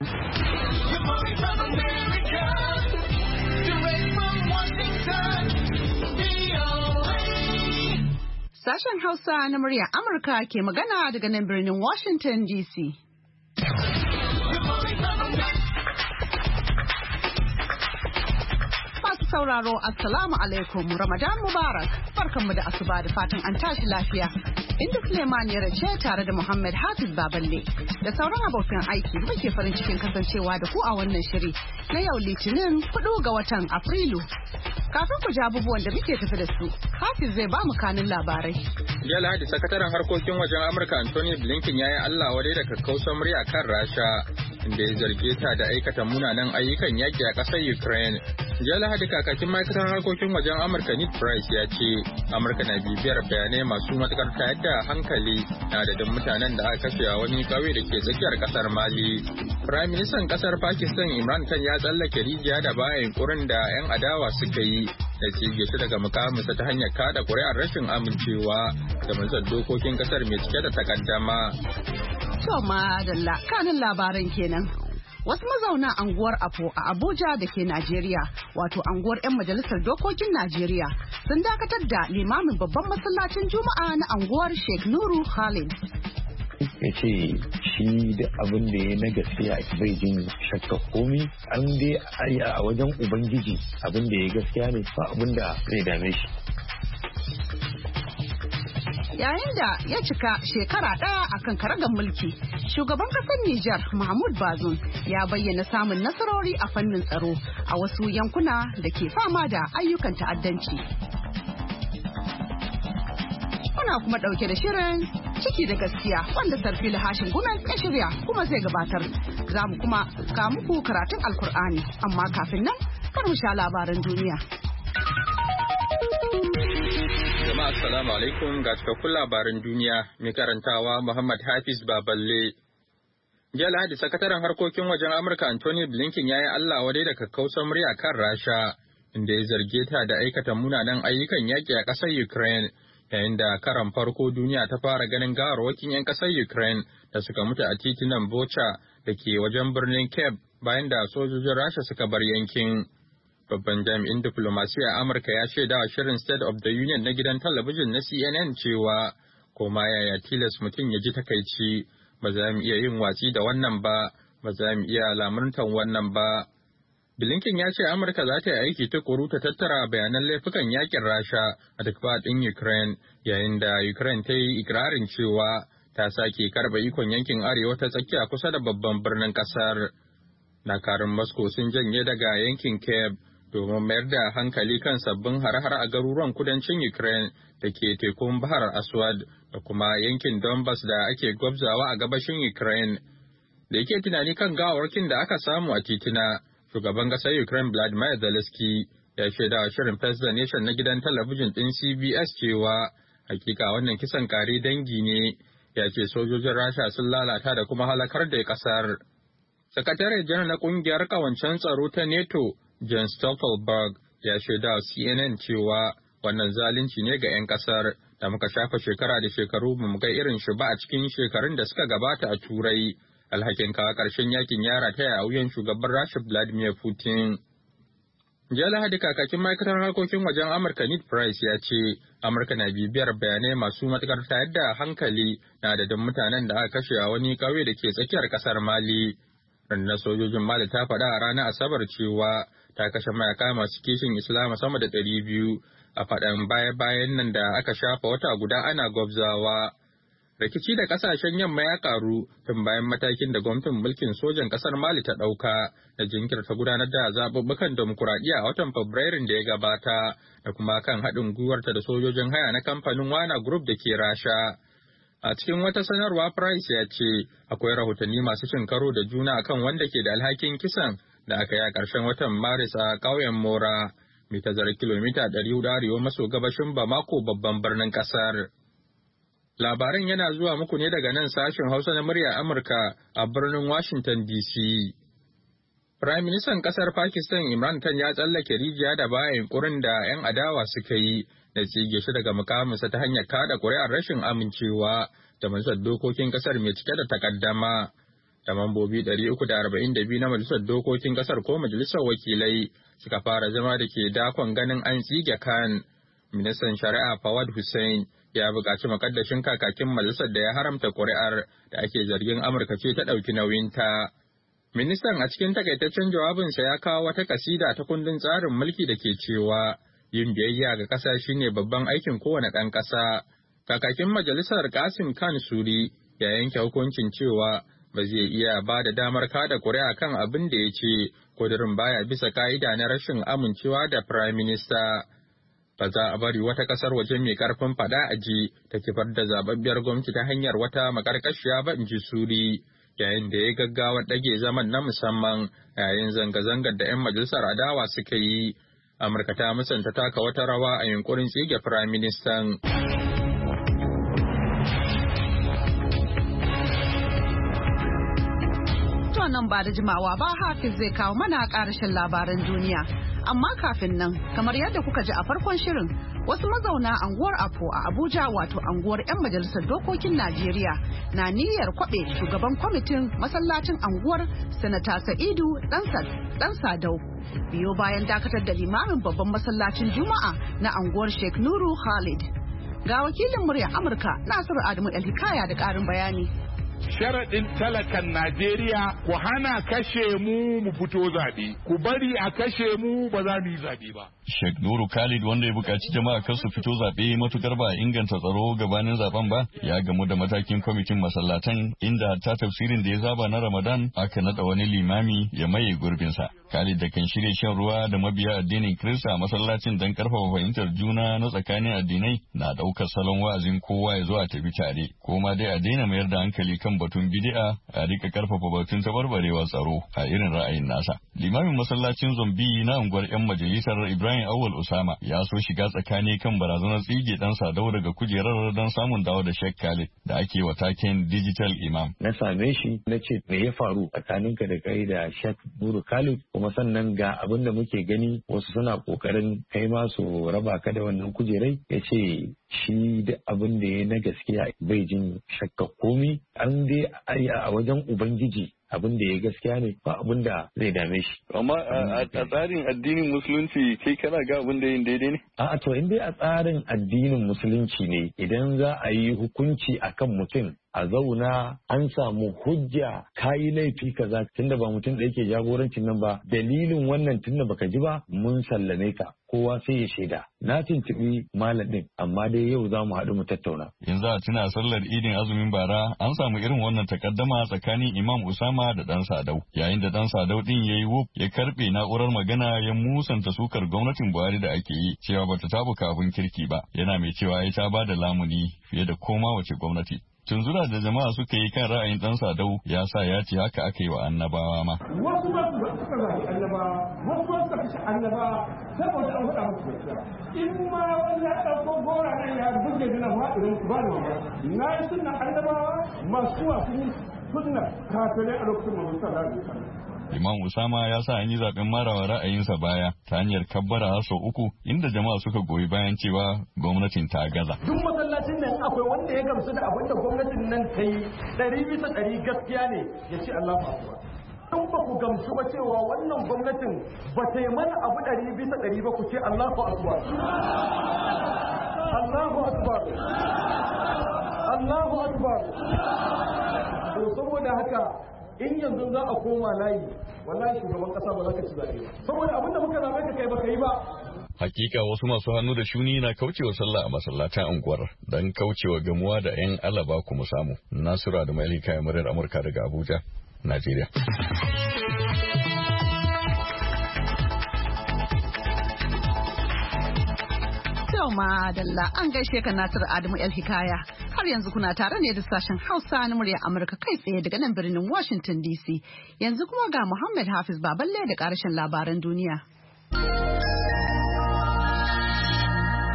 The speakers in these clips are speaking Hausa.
Sashen Hausa na murya Amurka ke magana daga nan birnin Washington DC. Masu sauraro, Assalamu alaikum, Ramadan Mubarak, barkanmu da asuba da fatan an tashi lafiya. inda Suleiman ya rance tare da Muhammad Hafiz Baballe da sauran abokan aiki muke farin cikin kasancewa da ku a wannan shiri na yau Litinin 4 ga watan Afrilu. Kafin ku ji abubuwan da muke tafi da su, Hafiz zai ba mu kanin labarai. Ya Lahadi sakataren harkokin wajen Amurka Anthony Blinken ya yi Allah wadai da kakkausar murya kan Rasha inda ya zarge ta da aikata munanan ayyukan yaƙi a ƙasar Ukraine jiya lahadi kakakin ma'aikatar harkokin wajen amurka nick price ya ce amurka na bibiyar bayanai masu matukar tayar da hankali na da adadin mutanen da aka kashe a wani kauye da ke tsakiyar kasar mali prime minister kasar pakistan imran khan ya tsallake rijiya da baya yunkurin da yan adawa suka yi da tsige shi daga mukaminsa ta hanyar kada kuri'ar rashin amincewa da majalisar dokokin kasar mai cike da takaddama. To ma kanin labaran kenan. Wasu mazauna anguwar Apo a Abuja da ke Najeriya, wato anguwar 'yan majalisar dokokin Najeriya, sun dakatar da limamin babban masallacin Juma'a na anguwar Sheikh Nuru Khalid. ya ce shi da abin da ya na gaskiya bai jin shakka komi an dai a wajen ubangiji abin da ya gaskiya ne ba abin da zai dame shi yayin da ya cika shekara ɗaya a kan karagar mulki shugaban ƙasar Nijar Mahmud Bazoum ya bayyana samun nasarori a fannin tsaro a wasu yankuna da ke fama da ayyukan ta'addanci. Kuna kuma ɗauke da shirin ciki da gaskiya wanda sarfi hashin gunan ya shirya kuma zai gabatar za mu kuma muku karatun alkur'ani amma kafin nan kar mu sha labaran duniya. assalamu alaikum ga cikakkun labarin duniya mai karantawa Muhammad Hafiz Baballe. Jiya Lahadi sakataren harkokin wajen Amurka Anthony Blinken ya yi Allah wadai da kakkausar murya kan Rasha inda ya zarge ta da aikata munanan ayyukan yaƙi a ƙasar Ukraine yayin da karan farko duniya ta fara ganin gawarwakin 'yan ƙasar Ukraine da suka mutu a titunan Bocha da ke wajen birnin Kiev bayan da sojojin Rasha suka bar yankin. Babban jami'in diplomasiya a Amurka ya shaida wa shirin State of the Union na gidan talabijin na CNN cewa koma yaya tilas mutum ya ji takaici ba za mu iya yin watsi da wannan ba ba za mu iya lamurtan wannan ba. Blinken ya ce Amurka za ta yi aiki tukuru ta tattara bayanan laifukan yakin Rasha a duk faɗin Ukraine yayin da Ukraine ta yi ikirarin cewa ta sake karba ikon yankin arewa ta tsakiya kusa da babban birnin ƙasar. Dakarun Moscow sun janye daga yankin Cape domin mayar da hankali kan sabbin har-har a garuruwan kudancin Ukraine da ke tekun Bahar Aswad da kuma yankin Donbass da ake gwabzawa a gabashin Ukraine. Da yake tunani kan gawarkin da aka samu a titina, shugaban ƙasar Ukraine Vladimir Zelensky ya shaida shirin Press Nation na gidan talabijin ɗin CBS cewa hakika wannan kisan kare dangi ne ya ce sojojin Rasha sun lalata da kuma halakar da ƙasar. Sakatare janar na ƙungiyar ƙawancen tsaro ta NATO John Stoltenberg ya shaida CNN cewa wannan zalunci ne ga 'yan kasar da muka shafa shekara da shekaru mu ga irin shi ba a cikin shekarun da suka gabata a turai alhakin kawo ƙarshen yakin yara ta a wuyan shugaban rasha vladimir putin jiya lahadi kakakin ma'aikatar harkokin wajen amurka ned price ya ce amurka na bibiyar bayanai masu matukar ta yadda hankali na da da mutanen da aka kashe a wani ƙauye da ke tsakiyar ƙasar mali rundunar sojojin mali ta faɗa a ranar asabar cewa ta kashe mayaka masu kishin Islama sama da ɗari biyu a faɗan baya-bayan nan da aka shafa wata guda ana gwabzawa. Rikici da ƙasashen yamma ya ƙaru tun bayan matakin da gwamnatin mulkin sojan ƙasar Mali ta ɗauka da jinkirta gudanar da zaɓuɓɓukan demokuraɗiyya a watan Fabrairun da ya gabata da kuma kan haɗin gwiwarta da sojojin haya na kamfanin Wana Group da ke Rasha. A cikin wata sanarwa Price ya ce akwai rahotanni masu cin karo da juna akan wanda ke da alhakin kisan da aka yi a ƙarshen watan Maris a ƙauyen Mora, mai zara kilomita 400 arewa maso gabashin Bamako babban birnin ƙasar. Labaran yana zuwa muku ne daga nan sashen Hausa na murya Amurka a birnin Washington DC. Prime Ministan ƙasar Pakistan Imran Khan ya tsallake rijiya da baya ƙurin da 'yan adawa suka yi da tsige shi daga mukaminsa ta hanyar kada ƙuri'ar rashin amincewa da majalisar dokokin ƙasar mai cike da takaddama. da mambobi 342 na majalisar dokokin kasar ko majalisar wakilai suka fara zama da ke dakon ganin an tsige kan ministan shari'a fawad hussein ya buƙaci makaddashin kakakin majalisar da ya haramta ƙuri'ar da ake zargin amurka ce ta ɗauki nauyin ta. ministan a cikin takaitaccen jawabinsa ya kawo wata kasida ta kundin tsarin mulki da ke cewa yin biyayya ga ƙasa shine babban aikin kowane ɗan ƙasa kakakin majalisar kasim khan suri ya yanke hukuncin cewa ba zai iya ba da damar kada kuri'a kan abin da ya ce kudurin baya bisa ka'ida na rashin amincewa da Prime Minister. Ba za a bari wata ƙasar waje mai karfin fada a ji ta kifar da zababbiyar gwamnati ta hanyar wata makarkashiya ba in ji suri. Yayin da ya gaggawar ɗage zaman na musamman yayin zanga-zangar da 'yan majalisar adawa suka yi, Amurka ta musanta taka wata rawa a yunkurin tsige Firaministan. nan ba da jimawa ba hafiz zai kawo mana karshen labaran duniya amma kafin nan kamar yadda kuka ji a farkon shirin wasu mazauna anguwar apo a abuja wato anguwar 'yan majalisar dokokin najeriya na niyyar kwabe shugaban kwamitin masallacin anguwar sanata sa'idu dan sadau biyo bayan dakatar da limamin babban masallacin juma'a na anguwar sheikh nuru khalid ga wakilin murya amurka nasiru adamu el hikaya da karin bayani sharaɗin talakan Najeriya ku hana kashe mu mu fito zaɓe, ku bari a kashe mu ba za mu yi zaɓe ba. Sheikh Nuru Khalid wanda ya buƙaci jama'a kar su fito zaɓe matukar ba inganta tsaro gabanin zaben ba ya gamu da matakin kwamitin masallatan inda ta tafsirin da ya zaba na Ramadan aka naɗa wani limami ya maye gurbinsa. Khalid da kan shirya shan ruwa da mabiya addinin Kirista a masallacin don karfafa fahimtar juna na tsakanin addinai na daukar salon wa'azin kowa ya zo a tafi tare, ko ma dai a daina mayar da hankali kan batun bid'a a rika karfafa batun tabarbarewa tsaro a irin ra'ayin nasa. Limamin masallacin Zombi na unguwar 'yan majalisar Ibrahim Awal Usama ya so shiga tsakani kan barazanar tsige dan sadau daga kujerar don samun dawo da Sheikh Khalid da ake wa taken Digital Imam. Na same shi na ce me ya faru tsakaninka da kai da Sheikh Nuru Khalid kuma sannan ga abin da muke gani wasu suna kokarin kai ma su raba ka da wannan kujerai ya ce shi da abin da ya na gaskiya bai jin shakka komi an dai a wajen ubangiji abin da ya gaskiya ne ba abin da zai dame shi. Amma a tsarin addinin musulunci sai kana ga abin da yin daidai ne? A to in dai a tsarin addinin musulunci ne idan za a yi hukunci akan mutum a zauna an samu hujja kayi laifi kaza tunda ba mutum da yake jagorancin nan ba dalilin wannan tunda baka ji ba mun sallame ka kowa sai ya shaida na tuntubi malam din amma dai yau za mu haɗu mu tattauna yanzu a tuna sallar idin azumin bara an samu irin wannan takaddama tsakanin imam usama da dan sadau yayin da dan sadau din yi wuf ya karbe na'urar magana ya musanta sukar gwamnatin buhari da ake yi cewa bata tabuka abin kirki ba yana mai cewa ya ta ba da lamuni fiye da koma wace gwamnati tunzura da jama'a suka yi kan ra'ayin dan sadau ya sa ya ce haka aka yi wa annabawa ma wasu ba su suka zaɓi annabawa wasu ba su kashe annabawa saboda an faɗa musu in ma wani ya ɗauko gora nan ya buge ni na idan ku ba da mamaki na yi sunan annabawa masu wasu sunna kafirai a lokacin mamaki sallallahu alaihi wasallam Imam Usama ya sa an yi zaben marawa ra'ayinsa baya ta hanyar kabbara haso sau uku inda jama'a suka goyi bayan cewa gwamnatin ta gaza. Duk masallacin nan akwai wanda ya gamsu da abin da gwamnatin nan ta yi ɗari bisa ɗari gaskiya ne ya ce Allah akbar. In ba ku gamsu ba cewa wannan gwamnatin ba ta yi mana abu ɗari bisa ɗari ba ku ce Allahu akbar. Allahu akbar. Allahu akbar. saboda haka in yanzu za a koma layi wallahi shugaban kasa ba za ka ci zaɓe ba saboda abin da muka zabe ka kai ba ka ba Hakika wasu masu hannu da shuni na kaucewa sallah a masallacin unguwar don kaucewa gamuwa da 'yan alaba kuma samu. Nasura da Malika murar Amurka daga Abuja, Najeriya. ma dalla an gaishe ka Nasiru Adamu El Hikaya. Har yanzu kuna tare ne da sashen Hausa na murya Amurka kai tsaye daga nan birnin Washington DC. Yanzu kuma ga Muhammad Hafiz Baballe da karshen labaran duniya.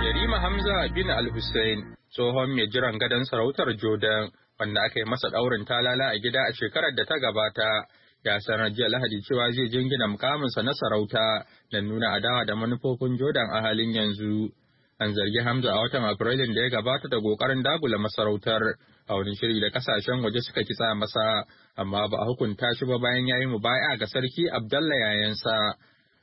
Yarima Hamza bin Al-Hussein tsohon mai jiran gadon sarautar Jordan wanda aka yi masa ɗaurin talala a gida a shekarar da ta gabata ya sanar jiya lahadi cewa zai jingina mukaminsa na sarauta na nuna adawa da manufofin jordan a halin yanzu an zargi Hamza a watan Afrilun da ya gabata da kokarin dagula masarautar a wani shiri da kasashen waje suka kitsa masa amma ba a hukunta shi ba bayan yayi baya ga sarki Abdallah yayansa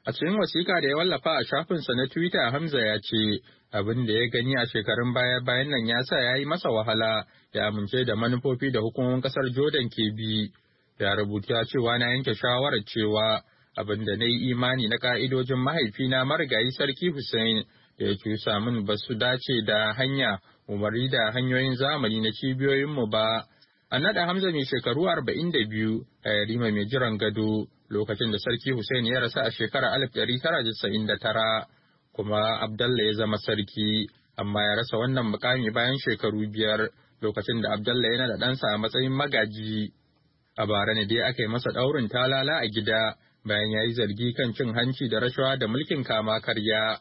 a cikin wasiƙa da ya wallafa a shafinsa na Twitter Hamza ya ce abin da ya gani a shekarun baya bayan nan ya sa ya yi masa wahala ya amince da manufofi da hukumomin kasar Jordan ke bi ya rubuta cewa na yanke shawarar cewa abin da na yi imani na ka'idojin mahaifina marigayi sarki Hussein da ya cusa min ba su dace da hanya umarni da hanyoyin zamani na cibiyoyinmu ba. An naɗa Hamza mai shekaru arba'in da biyu a yarima mai jiran gado lokacin da Sarki Hussein ya rasa a shekarar alif ɗari tara da tara kuma Abdallah ya zama sarki amma ya rasa wannan mukami bayan shekaru biyar lokacin da Abdallah yana da ɗansa a matsayin magaji. A bara ne dai aka yi masa ɗaurin talala a gida bayan ya yi zargi kan cin hanci da rashawa da mulkin kama karya.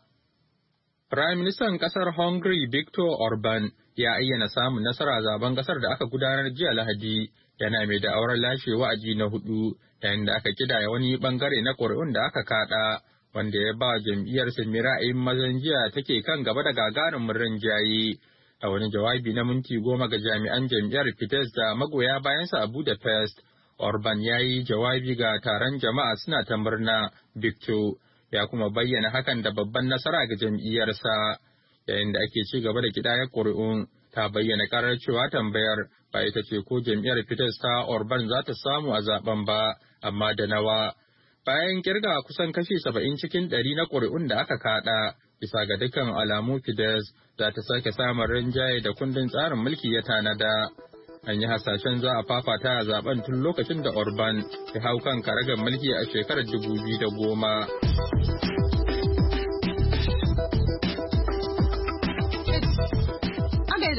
Firaministan ƙasar Hungary Viktor Orban ya ayyana samun nasara zaben ƙasar da aka gudanar jiya Lahadi yana mai da auren lashe wa'aji na hudu yayin da aka kidaya wani bangare na ƙuri'un da aka kada wanda ya ba jam'iyyar samira a mazan jiya take kan gaba da gagarumin jayi, a wani jawabi na minti goma ga jami'an jam'iyyar Fidesz da magoya bayansa a Budapest Orban ya yi jawabi ga taron jama'a suna ta murna Victor ya kuma bayyana hakan da babban nasara ga jam'iyyarsa yayin da ake ci gaba da kidayar ƙuri'un ta bayyana karar cewa tambayar ba ita ce ko jam'iyyar Fides ta Orban za ta samu a zaben ba amma da nawa bayan kirga kusan kashi saba'in cikin ɗari na ƙuri'un da aka kaɗa bisa ga dukkan alamu Fides za ta sake samun rinjaye da kundin tsarin mulki ya tanada. an yi hasashen za a fafata a zaben tun lokacin da orban ya hau kan karagar mulki a shekarar dubu biyu da goma.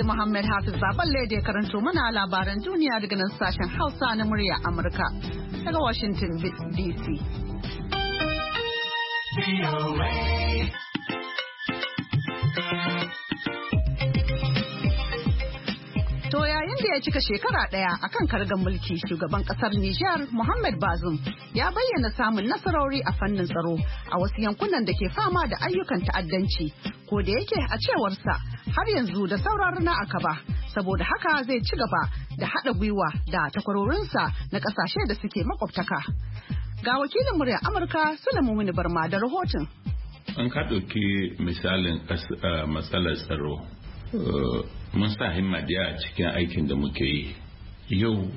Muhammad Hafiz zaben da ya karanto mana labaran duniya daga nan sashen Hausa na murya Amurka daga Washington DC. yayin da ya cika shekara daya a kan kargan mulki shugaban kasar Nijar Muhammad Bazoum ya bayyana samun nasarori a fannin tsaro a wasu yankunan da ke fama da ayyukan ta'addanci ko da yake a cewarsa har yanzu da sauran na akaba saboda haka zai ci gaba da haɗa gwiwa da takwarorinsa na ƙasashe da suke makwabtaka. Ga wakilin murya Amurka Sulaimu Mini Barma da rahoton. An ka ɗauki misalin eh, matsalar tsaro eh, mun sa himma da a cikin aikin da muke yi yau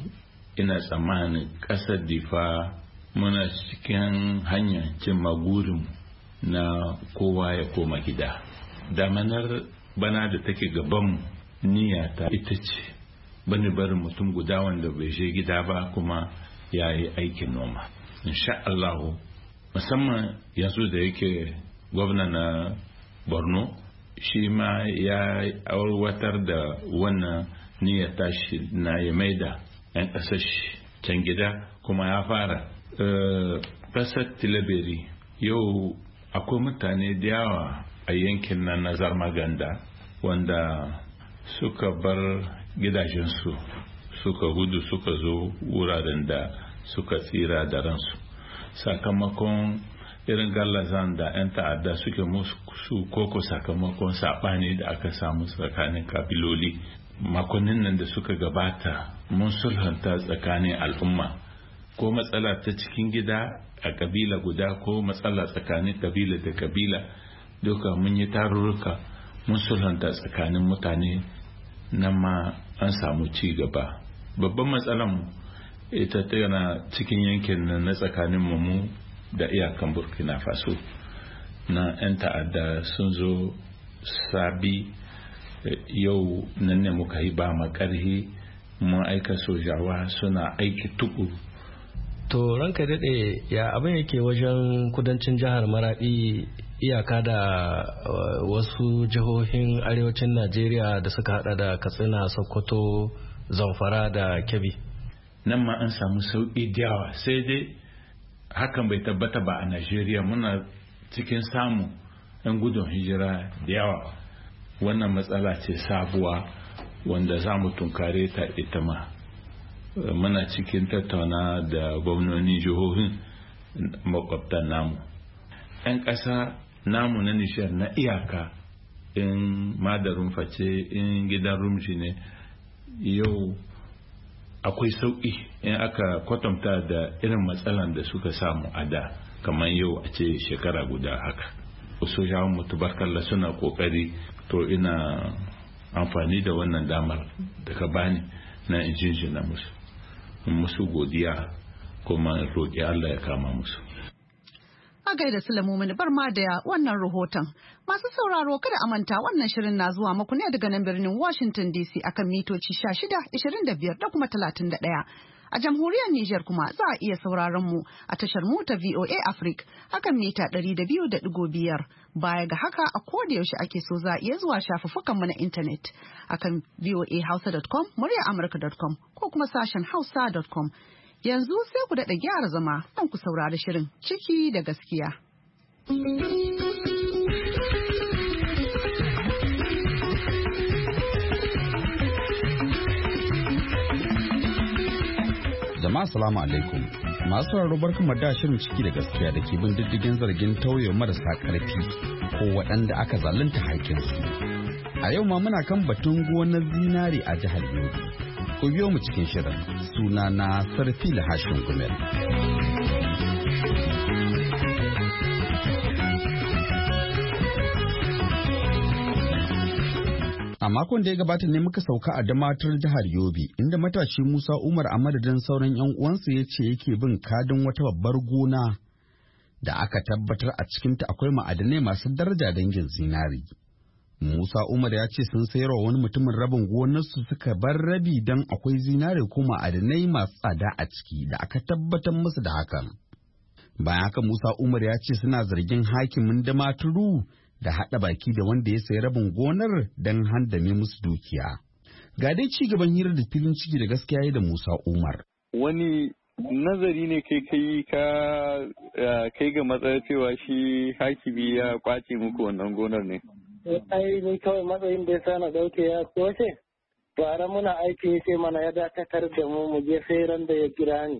ina tsammanin ƙasar difa muna cikin hanya cin magurin na kowa ya koma gida damanar bana da take gaban niyata ita ce bani barin mutum guda wanda bai je gida ba kuma ya yi aikin noma insha Allahu musamman yanzu da yake gwamna na borno shi ma ya aurwatar da wannan niyyar tashi na ya da 'yan ƙasar can gida kuma ya fara eh, ƙasar tilaberi yau akwai mutane da yawa a yankin nan na zarmaganda wanda suka bar gidajensu suka gudu suka zo wuraren da suka tsira da ransu sakamakon irin gallazan da 'yan ta'adda suke musu koko sakamakon saɓani da aka samu tsakanin kabiloli makonnin nan da suka gabata mun sulhanta tsakanin al'umma ko matsala ta cikin gida a kabila guda ko matsala tsakanin kabila da kabila duka mun yi tarurruka mun sulhanta tsakanin mutane nan ma an samu ci gaba babban matsalan ita tana cikin yankin na tsakanin mu da iyakan burkina faso na 'yan ta'adda sun zo sabi eh, yau nan ne muka yi ba makarhi mun aika sojawa suna aiki tuku to ranka daɗe ya abin yake wajen kudancin jihar maraɗi iyaka da eh, wasu jihohin arewacin najeriya da suka hada da katsina sokoto zamfara da kebbi nan ma an samu sauƙi da yawa sai dai hakan bai tabbata ba a najeriya muna cikin samu 'yan gudun hijira da yawa wannan matsala ce sabuwa wanda za mu tunkare ta ita ma muna cikin tattauna da gwamnonin jihohin makwabtan namu 'yan ƙasa namu na nishiyar na iyaka in madarin face in gidan rumshi ne yau akwai sauƙi in aka kwatanta da irin matsalan da suka samu a da kamar yau a ce shekara guda haka wasu mutubar kalla suna kokari to ina amfani da wannan damar da ka bani na injinjina musu musu godiya kuma roƙi Allah ya kama musu A gaida Sulamu mini bar ma da wannan rahoton. Masu sauraro kada a manta wannan shirin na zuwa muku ne daga nan birnin Washington DC akan mitoci 16, 25 da biyar da kuma talatin da 31. a jamhuriyar Nijar kuma za a iya sauraron mu a tashar mota VOA Africa hakan mita biyar baya ga haka a koda yaushe ake so za a iya zuwa shafuffukan mu na intanet akan voahausa.com muryar amurka.com ko kuma sashen hausa.com Yanzu sai ku daɗa gyara zama don ku saurari shirin ciki da gaskiya. Jama'a salamu alaikum. Masu sauraro barkan da shirin ciki da gaskiya da ke bin diddigin zargin tauye marasa ƙarfi ko waɗanda aka zalunta haƙƙinsu. A yau ma muna kan batun gonar zinare a jihar Yobe. ku biyo mu cikin shirin suna na sarfi hashin gumel. A makon da ya gabata ne muka sauka a damatar jihar Yobe inda matashi Musa Umar a madadin sauran 'yan uwansa ya ce yake bin kadin wata babbar gona da aka tabbatar a cikinta akwai ma'adanai masu daraja dangin zinari. Musa Umar ya ce sun sayar wa wani mutumin rabin gonarsu suka bar rabi don akwai zinare kuma adanai masu tsada a ciki da aka tabbatar musu da hakan. Bayan haka Musa Umar ya ce suna zargin hakimin da maturu da haɗa baki da wanda ya sayi rabin gonar don handame musu dukiya. Ga dai ci gaban hirar da filin ciki da gaskiya da Musa Umar. Wani nazari ne kai kai ka eh, kai ga matsayar cewa shi hakimi ya kwace muku wannan gonar ne. ai ni kawai matsayin da ya sa na dauke ya koshe bara muna aiki ya ce mana ya dakatar da mu mu je sai ran da ya kira ni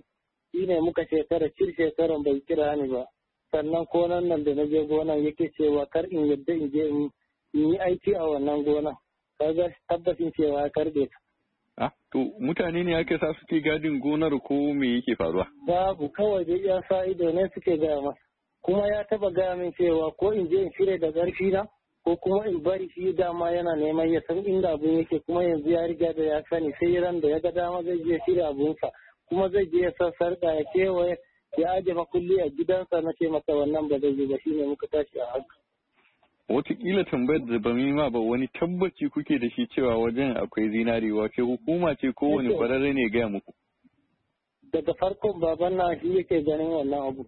shi ne muka shekara cir shekaran bai kira ni ba sannan konan nan da na je gonan yake cewa kar in yadda in je in yi aiki a wannan gonan kaga tabbacin cewa ya karbe ta Ah, to mutane ne ake sa suke gadin gonar ko me yake faruwa? Babu kawai da ya sa ido ne suke gaya Kuma ya taba gaya cewa ko in je in shirya da ƙarfi na ko kuma in bari shi dama yana neman ya san inda abin yake kuma yanzu ya riga da ya sani sai ran da ya ga dama zai je shirya abunsa kuma zai je ya sarƙa ya kewaye ya aje makulli a gidansa na ce masa wannan ba zai yi ba shine muka tashi a haka. Wataƙila tambayar da ba ma ba wani tabbaci kuke da shi cewa wajen akwai zinari wace hukuma ce ko wani eh ne gaya muku. Daga farkon baban na shi yake ganin wannan abu.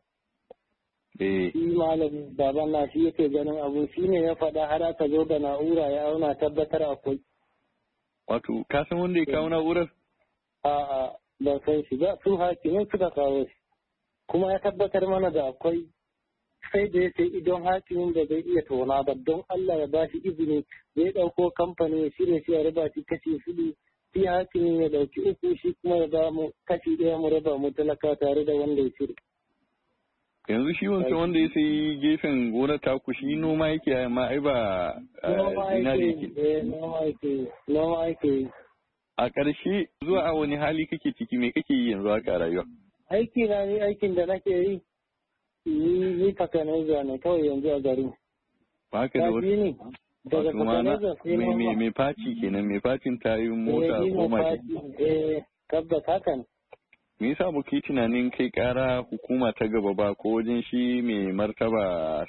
Eh. shi malamin baban na shi yake ganin abu shi ne ya faɗa har aka zo da na'ura ya auna tabbatar akwai wato ka san wanda ya kawo eh. na'urar a'a ban san shi ba su hakimin suka kawo shi kuma ya tabbatar mana da akwai sai da ya ce idan hakimin da zai iya tona ba don Allah ya ba shi izini ya ɗauko kamfani ya shirya shi ya raba shi kashi fili shi hakimin ya ɗauki uku shi kuma ya ba mu kashi ɗaya mu raba mu talaka tare da wanda ya shirya yanzu shi wancan wanda ya sayi gefen gona taku shi noma yake ya ma ai ba da eh, eh, yake noma yake a ƙarshe zuwa a wani hali kake ciki me kake yi yanzu haka rayuwa aiki na ni aikin da nake yi ni fakanaiza ne kawai yanzu a garin ba ka da wani daga fakanaiza sai me me faci kenan me facin tayoyin eh, mota ko mashin eh tabbata kan. me yasa ba yi tunanin kai kara hukuma ta gaba ba ko wajen shi mai martaba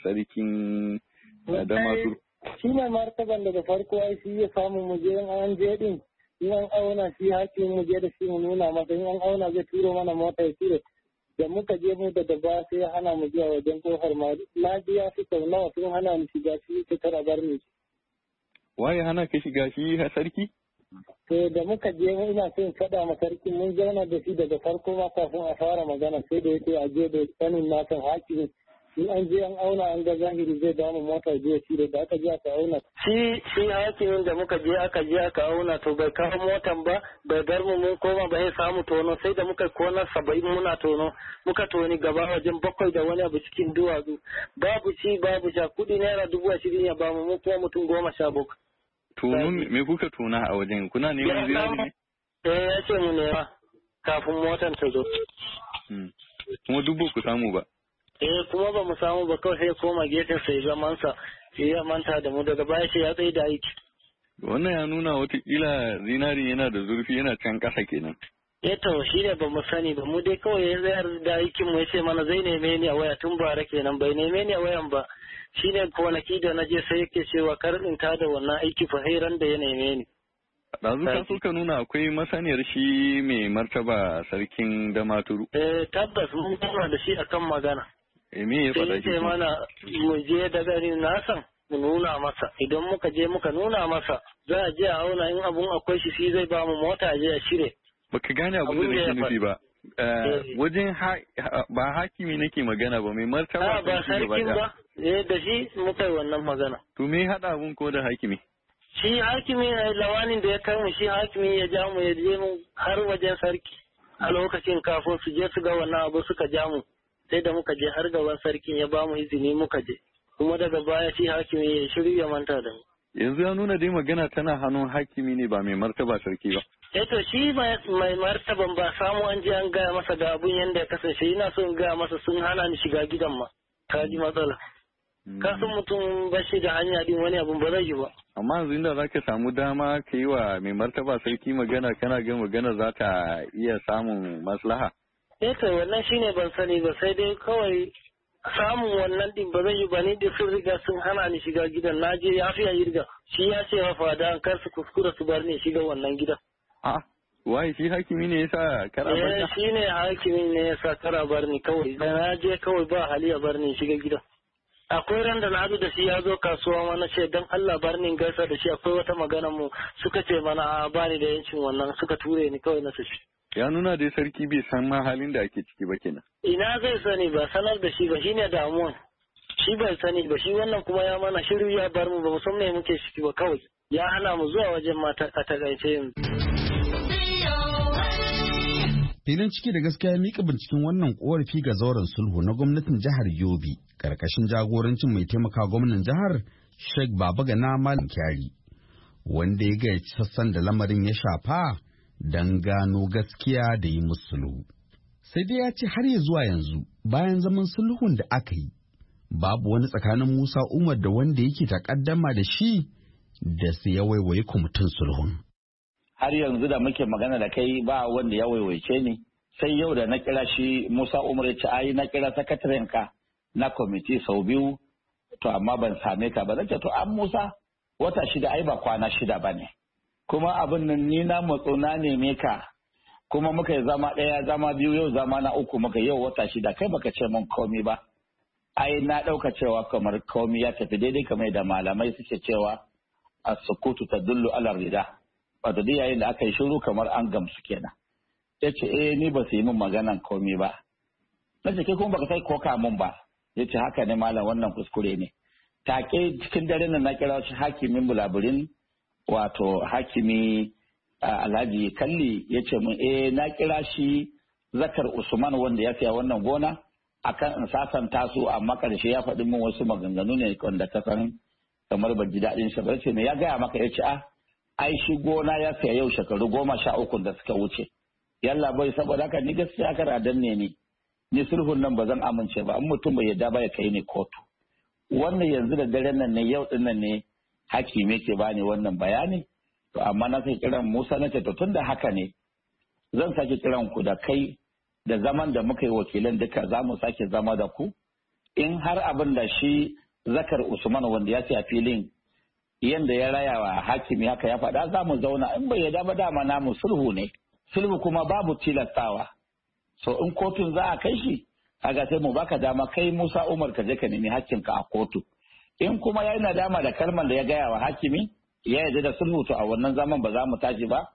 sarkin damaturu shi mai martaban daga farko ai shi ya samu mu je an je din in an auna shi mu muje da shi mu nuna masa in an auna zai turo mana mota ya turo da muka je mu da daba sai ya hana mu zuwa wajen kofar ma na biya su sau nawa sun hana mu shiga shi ta tara bar ni waye hana ka shiga shi sarki to da muka je mu ina son faɗa ma sarki mun zauna da shi daga farko ma kafin a fara magana sai da yake a je da sanin na kan hakimin in an je an auna an ga zahiri zai damu mota je shi da aka je aka auna shi shi hakimin da muka je aka je aka auna to bai kawo motan ba bai bar mu mun koma ba samu tono sai da muka kona saba'in muna tono muka toni gaba wajen bakwai da wani abu cikin duwatsu babu ci babu sha kuɗi naira dubu ashirin ya bamu mu kuma mutum goma sha bakwai Tunun me kuka tuna a wajen kuna neman ziyara ne? Eh ya ce mu nema kafin motar ta zo. Hmm. Kuma dubu ku samu ba. Eh kuma ba mu samu ba kawai sai koma gefe sai zamansa sai ya manta da mu daga baya sai ya tsaye da aiki. Wannan ya nuna kila zinari yana da zurfi yana can ƙasa kenan. Eh to shi ne ba mu sani ba mu dai kawai ya tsayar da aikin mu ya ce mana zai neme ni a waya tun bara kenan bai neme ni a wayan ba. shine kwanaki da na je sai yake cewa karin ta da wannan aiki fahiran da ya neme ni Ɗazu ka so ka nuna akwai masaniyar shi mai martaba sarkin damaturu. Eh tabbas mun kuma da shi akan magana. E me ya faɗa shi? mana mu je da gani na san mu nuna masa idan muka je muka nuna masa za a je a auna in abun akwai shi shi zai ba mu mota je a shire. Baka gane abun da ke nufi ba. Eh, eh. wajen ba hakimi nake magana ba mai martaba ah, ba sarki ba eh da shi muka yi wannan magana to me hada mun ko da hakimi shi hakimi eh, lawanin da ya kai mu shi hakimi ya ja mu ya je mu har wajen sarki a lokacin kafin su je su ga wannan abu suka ja mu sai da muka je har gaban sarkin ya ba mu izini muka je kuma daga baya shi hakimi ya shirya manta da mu yanzu ya nuna dai magana tana hannun hakimi ne ba mai martaba sarki ba. Eh to shi mai martaban ba samu an je an gaya masa ga abun yanda ya kasance ina so in gaya masa sun hana ni shiga gidan ma. Ka ji matsala. Hmm. Ka san mutum ba shi da hanya din wani abun ba zai yi ba. Amma yanzu inda za ka samu dama ka yi wa mai martaba sarki magana kana ga magana za ta iya samun maslaha. Eh to wannan ne ban sani ba sai dai kawai samun wannan din ba zai yi ba ni da sun riga sun hana ni shiga gidan na je ya fiya yirga shi ya ce wa fada kar su kuskura su bar ni shiga wannan gidan. A ah, wai shi hakimi ne yasa kara bar ni? Eh, shi ne hakimi ne yasa kara bar ni kawai da na je kawai ba hali ya bar ni shiga gidan. Akwai ran da na da shi ya zo kasuwa mana ce don Allah bar ni gaisa da shi akwai wata magana mu suka ce mana a bani da yancin wannan suka ture ni kawai na tafi. ya nuna dai sarki bai san ma halin da ake ciki ba kenan ina zai sani ba sanar da shi ba shi ne damuwan shi bai sani ba shi wannan kuma ya mana shiru ya bar mu ba mu ya muke ciki ba kawai ya hana mu zuwa wajen mata a takaice yanzu filin ciki da gaskiya mika binciken wannan korafi ga zauren sulhu na gwamnatin jihar yobe karkashin jagorancin mai taimaka gwamnan jihar sheikh baba malam kyari wanda ya gaya sassan da lamarin ya shafa don gano gaskiya da yi musu sulhu. Sai dai ya ce har ya zuwa yanzu bayan zaman sulhun da aka yi, babu wani tsakanin Musa Umar da wanda yake takaddama da shi da su ya waiwaye kwamitin sulhun. Har yanzu da muke magana da kai ba wanda ya waiwaice ni, sai yau da na kira shi Musa Umar ya ce ayi na kira sakatarenka na kwamiti sau biyu, to amma ban same ka ba. Zan to an Musa wata shida ai ba kwana shida ba ne. kuma abin nan ni na matso na neme ka kuma muka yi zama ɗaya zama biyu yau zama na uku muka yau wata shida kai baka ce mun komi ba ai na ɗauka cewa kamar komi ya tafi daidai kamar da malamai suke cewa a sukutu ta dullu alar rida wato da yayin da aka yi shiru kamar an gamsu kenan ya ce eh ni ba su yi min maganan komi ba na ce ke kuma baka sai koka mun ba ya ce haka ne malam wannan kuskure ne take cikin dare nan na kira shi hakimin bulaburin wato hakimi alhaji kalli ya ce mun eh na kira shi zakar usman wanda ya siya wannan gona akan in sasanta su amma karshe ya faɗi min wasu maganganu ne wanda ka san kamar ba ji daɗin shi ba ce ya gaya maka ya ce a ah, ai shi gona ya siya yau shekaru goma sha uku da suka wuce yalla bai saboda haka ni gaskiya a danne ni ni sulhun nan ba zan amince ba An mutum bai yarda ba ya kai ni kotu wannan yanzu da daren nan ne yau din nan ne me ke bani wannan bayani to amma na sai kiran Musa na ce to tunda haka ne zan sake kiran ku da kai da zaman da muka yi wakilan duka za mu sake zama da ku in har abin da shi zakar Usman wanda ya ce a filin yanda ya raya wa hakimi haka ya faɗa za mu zauna in bai yarda ba dama namu sulhu ne sulhu kuma babu tilastawa so in kotun za a kai shi a ga sai mu baka dama kai Musa Umar ka je ka nemi hakkinka a kotu in kuma ya yi nadama da kalmar da ya gaya wa hakimi ya yarda da sulhu to a wannan zaman ba za mu tashi ba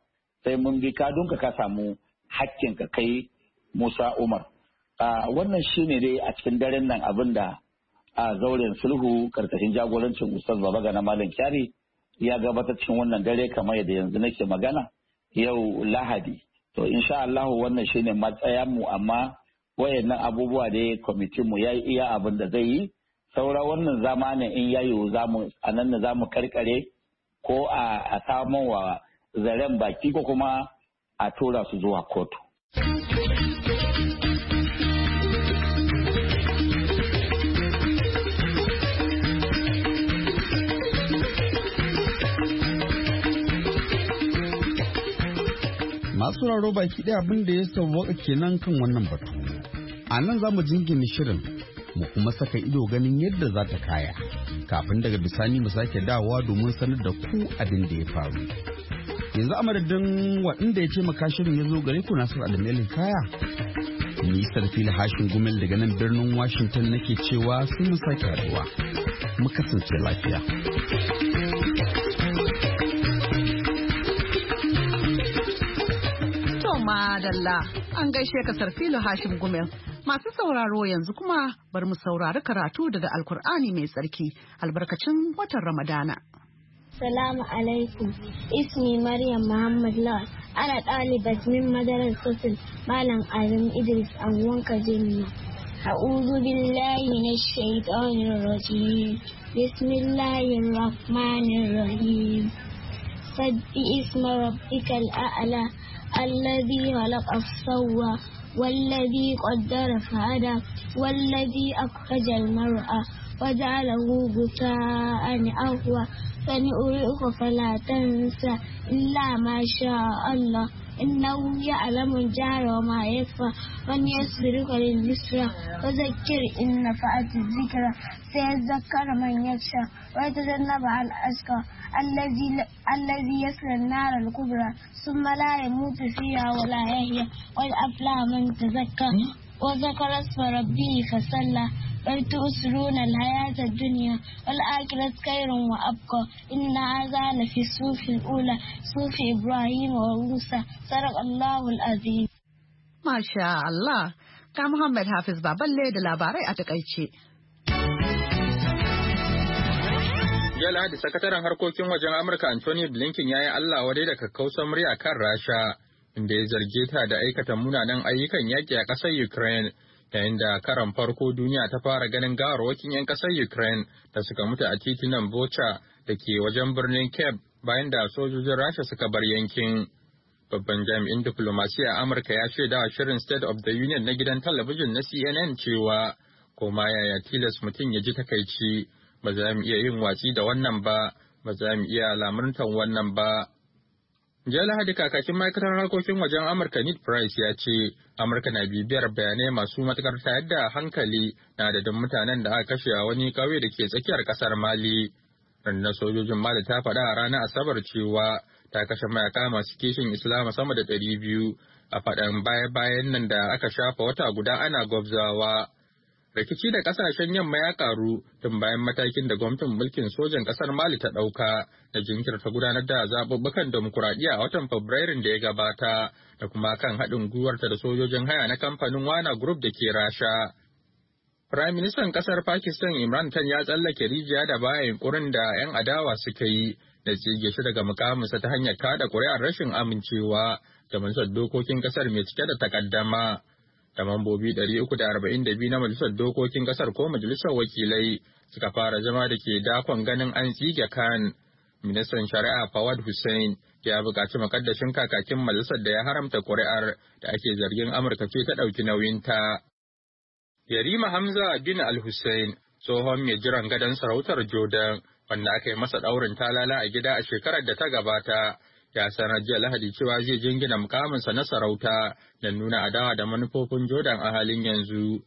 sai mun bi ka dunka ka samu hakkinka kai Musa Umar wannan shine dai a cikin daren nan abinda a zauren sulhu karkashin jagorancin Ustaz Babaga na Malam Kyari ya gabatar cikin wannan dare kamar yadda yanzu nake magana yau Lahadi to insha Allah wannan shine matsayar mu amma wayannan abubuwa da kwamitin mu yi iya abin da zai yi saura wannan zamanin in ya yiwu zamu a nan zamu karkare ko a samun wa zaren baki ko kuma a tura su zuwa kotu. masu raro baki ɗaya abin da ya sauwa kenan kan wannan batu a nan za mu jingine shirin mu kuma saka ido ganin yadda za ta kaya kafin daga bisani mu sake dawowa domin sanar da ku abin da ya faru yanzu a madadin waɗanda ya ce shirin ya zo gare ku nasar adamelin kaya ni sarfil hashin gumel daga nan birnin washington nake cewa sun mu sake haɗuwa mu kasance lafiya madalla an gaishe ka sarfilo hashim gumel Masu sauraro yanzu kuma bar mu saurari karatu daga Alkur'ani mai tsarki albarkacin watan Ramadana. Salamu alaikum, ismi Maryam Muhammad Lawal, ana ɗalibat min madarar sosin Malam Adam Idris Anguwan Kajimi. أعوذ na من الشيطان الرجيم بسم الله الرحمن الرحيم سبح اسم ربك الأعلى الذي خلق والذي قدر فهدى والذي أخرج المرأة وجعله بكاء أهوى فنؤرئك فلا تنسى إلا ما شاء الله إنه يعلم الجهر وما يخفى من يسبرك لليسرى وذكر إن نفعت الذكرى سيذكر من يخشى ويتجنب على الأشقى الذي الذي يصلى النار الكبرى ثم لا يموت فيها ولا يحيا قد أفلح من تزكى وذكر اسم ربه فصلى بل تؤسرون الحياة الدنيا والآخرة خير وأبقى إن هذا لفي الصوف الأولى صوف إبراهيم وموسى سرق الله العظيم ما شاء الله كان محمد حافظ بابا da labarai a takaice. Jiya Lahadi sakataren harkokin wajen Amurka Anthony Blinken ya yi Allah wadai da kakkausar murya kan Rasha, inda ya zarge ta da aikata munanan ayyukan yaƙi a ƙasar Ukraine, yayin da karan farko duniya ta fara ganin gawarwakin 'yan ƙasar Ukraine da suka mutu a titunan Bocha da ke wajen birnin Cape bayan da sojojin Rasha suka bar yankin. Babban jami'in diplomasiya Amurka ya shaidawa shirin State of the Union na gidan talabijin na CNN cewa, koma yaya tilas mutum ya ji takaici. ba za mu iya yin watsi da wannan ba ba za mu iya lamurtan wannan ba jiya lahadi kakakin ma'aikatar harkokin wajen amurka need price ya ce amurka na bibiyar bayanai masu matukar tayar da hankali na da adadin mutanen da aka kashe a wani ƙauye da ke tsakiyar ƙasar mali rundunar sojojin mali ta faɗa a ranar asabar cewa ta kashe mayaka masu kishin islama sama da ɗari biyu a faɗan baya-bayan nan da aka shafa wata guda ana gwabzawa rikici da kasashen yamma ya karu tun bayan matakin da gwamnatin mulkin sojan kasar mali ta dauka da jinkirta gudanar da zaɓuɓɓukan demokuraɗiyya a watan fabrairun da ya gabata da kuma kan haɗin gwiwarta da sojojin haya na kamfanin wana group da ke rasha Firaministan ƙasar Pakistan Imran Khan ya tsallake rijiya da bayan yunkurin da 'yan adawa suka yi da tsige shi daga mukaminsa ta hanyar kada ƙuri'ar rashin amincewa da mansar dokokin ƙasar mai cike da takaddama. da mambobi 342 na Majalisar Dokokin Kasar ko Majalisar Wakilai suka fara zama da ke dakon ganin an tsige kan. Ministan Shari'a Fawad Hussein ya buƙaci makaddashin kakakin majalisar da ya haramta ƙuri'ar da ake zargin Amurka ce ta ɗauki nauyin ta. Yarima Hamza bin Al-Hussein tsohon mai jiran gadon sarautar Jordan wanda aka yi masa ɗaurin talala a gida a shekarar da ta gabata ya sanar jiya Lahadi cewa zai jingina mukaminsa na sarauta don nuna adawa da manufofin jodan a halin yanzu.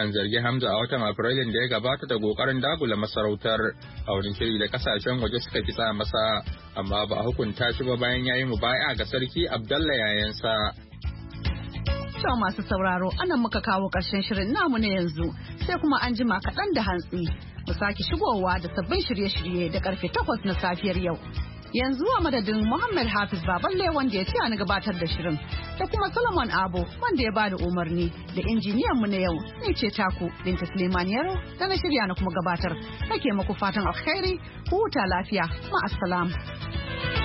An zargi Hamza a watan Afrilun da ya gabata da kokarin dagula masarautar a wurin shiri da kasashen waje suka kitsa masa, amma ba a hukunta shi ba bayan ya yi mu baya ga sarki Abdallah yayansa. Kyau masu sauraro, anan muka kawo karshen shirin namu na yanzu, sai kuma an jima kaɗan da hantsi. Mu sake shigowa da sabbin shirye-shirye da karfe takwas na safiyar yau. yanzu a madadin Muhammad Hafiz Baballe wanda ya ce ni gabatar da shirin da kuma Solomon Abo wanda ya ba da umarni da injiniyan mu na yau ni ce taku Binta Suleiman Yaro da na shirya na kuma gabatar nake muku fatan alkhairi huta lafiya ma